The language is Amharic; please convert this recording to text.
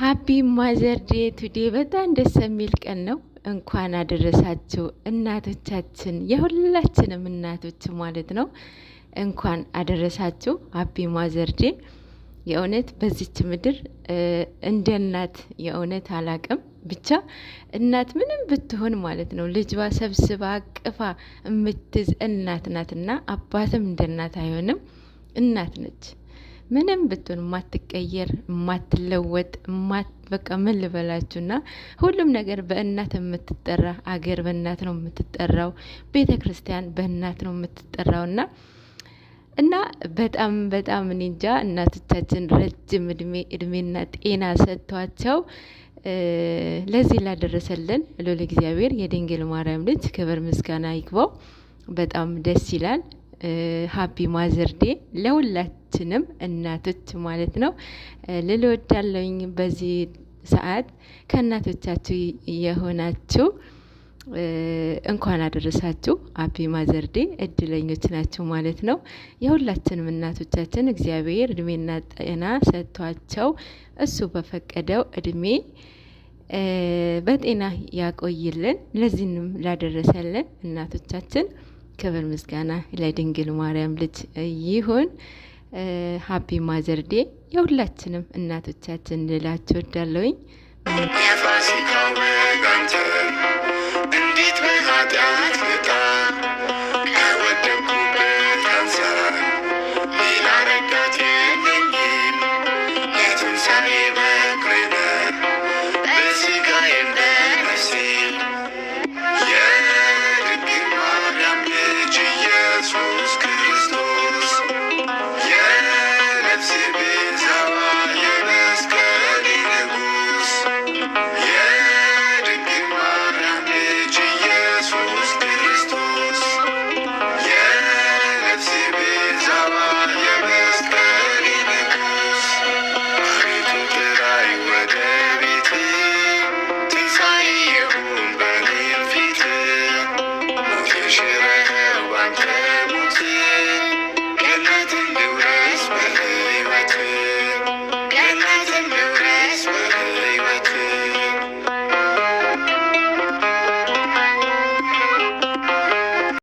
ሀቢ ማዘር ዴ ቱዴ በጣም ደስ የሚል ቀን ነው። እንኳን አደረሳችሁ እናቶቻችን፣ የሁላችንም እናቶች ማለት ነው። እንኳን አደረሳችሁ ሀቢ ማዘር ዴ። የእውነት በዚች ምድር እንደ እናት የእውነት አላቅም። ብቻ እናት ምንም ብትሆን ማለት ነው ልጅዋ ሰብስባ አቅፋ የምትዝ እናት ናትና አባትም እንደ እናት አይሆንም። እናት ነች። ምንም ብትሆን የማትቀየር የማትለወጥ በቃ ምን ና ሁሉም ነገር በእናት የምትጠራ አገር በእናት ነው የምትጠራው፣ ቤተ ክርስቲያን በእናት ነው የምትጠራው እና እና በጣም በጣም እንጃ እናቶቻችን ረጅም እድሜ እድሜና ጤና ሰጥቷቸው ለዚህ ላደረሰልን ሎል እግዚአብሔር የድንግል ማርያም ልጅ ክብር ምስጋና ይግባው። በጣም ደስ ይላል። ሀፒ ማዘርዴ ለሁላችንም እናቶች ማለት ነው ልልወዳለኝ ወዳለኝ በዚህ ሰዓት ከእናቶቻችሁ የሆናችሁ እንኳን አደረሳችሁ። ሀፒ ማዘርዴ እድለኞች ናችሁ ማለት ነው። የሁላችንም እናቶቻችን እግዚአብሔር እድሜና ጤና ሰጥቷቸው እሱ በፈቀደው እድሜ በጤና ያቆይልን። ለዚህንም ላደረሰልን እናቶቻችን ክብር ምስጋና ለድንግል ማርያም ልጅ ይሁን። ሀፒ ማዘር ዴ የሁላችንም እናቶቻችን ልላችሁ ወዳለውኝ የፋሲካ